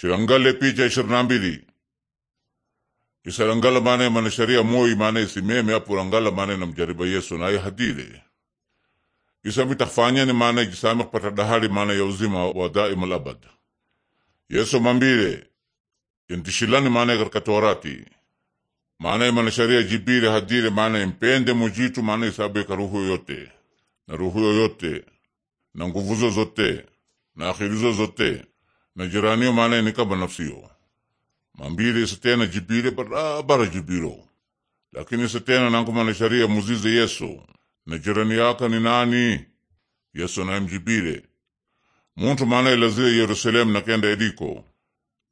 Cheangale picha ishirini na mbili isarangala mane mana sharia moi mane isimeme rangala mane namjariba Yesu naye hadile isamitafanyani mane jisame kupata dahari mane ya uzima wa daimal abad Yesu mambile intishilani mane katika Torati mane mana sharia jibile hadile mane impende mujitu mane isabe karuhu yoyote na ruhu yoyote na nguvuzo zote na akhirizo zote na jiraniyo maana ni kaba nafsiyo mambili isatena jibile barabara jibiro lakini isatena nankumana sharia muzize yesu na jirani yaka ni nani yesu naemjibile muntu maana ilazile yerusalemu nakenda ediko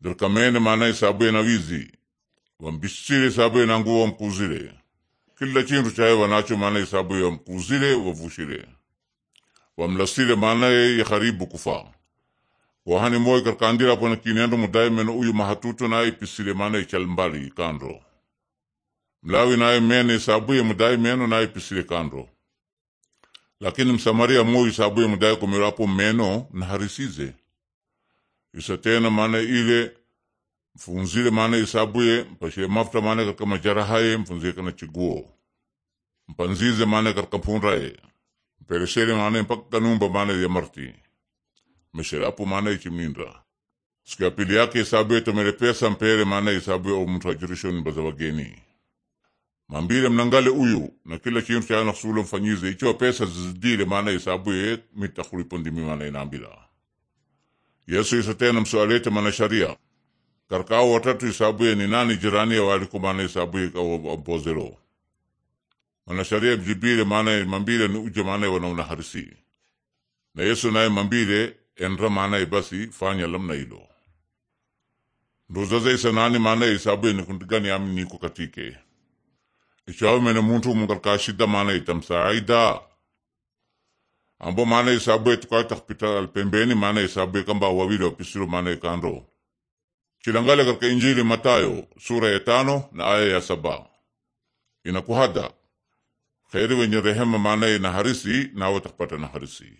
dirkamene maana isabuye na wizi wambisile isabuye na nguo wamkuzile kila chindu chaye wanacho maanaye isabuye wamkuzile wavushile wamlasile maana yakharibu kufaa wahani moy karkandira pona kinendo mudai meno uyu mahatuto naye pisile mana ichalmbali mbali ikando mlawi naye mene isabuye mudai meno naye pisile kando lakini msamaria moyu isabuye mudai komerapo meno na harisize isatena mana ile mfunzile mana isabuye mpashile mafuta mana karka majarahaye mfunzile kana chiguo mpanzize mana karka punraye mperesele mana mpaka kanumba mana ya marti mesherapu mana ichiminda siku ya pili yake isabu yetomere pesa mpere maana isabu ya omuntu ajirisho nyumbaza wageni mambile mnangale uyu na kila chintu chana kusulo mfanyize ichiwa pesa zizidile maana isabu ye mitakulipo ndimi maana inambila yesu isa tena msualete maana sharia karkao watatu isabu ye ni nani jirani ya waliko maana isabu ye kabozero maana sharia mjibile maana mambile ni uje maana wanauna harisi na yesu naye mambile enra maana basi fanyalam na ilo ndozaza isanani maana isabu enikundigani ami niko katike ichawe mene muntu mungalka shida maana itamsaida ambo maana isabu etukawe takpita pembeni maana isabu kamba wawili wapisilo maana ikando chilangale karka Injili Matayo sura ya tano na aya ya saba inakuhada kheri wenye rehema maana harisi nawe takpata na harisi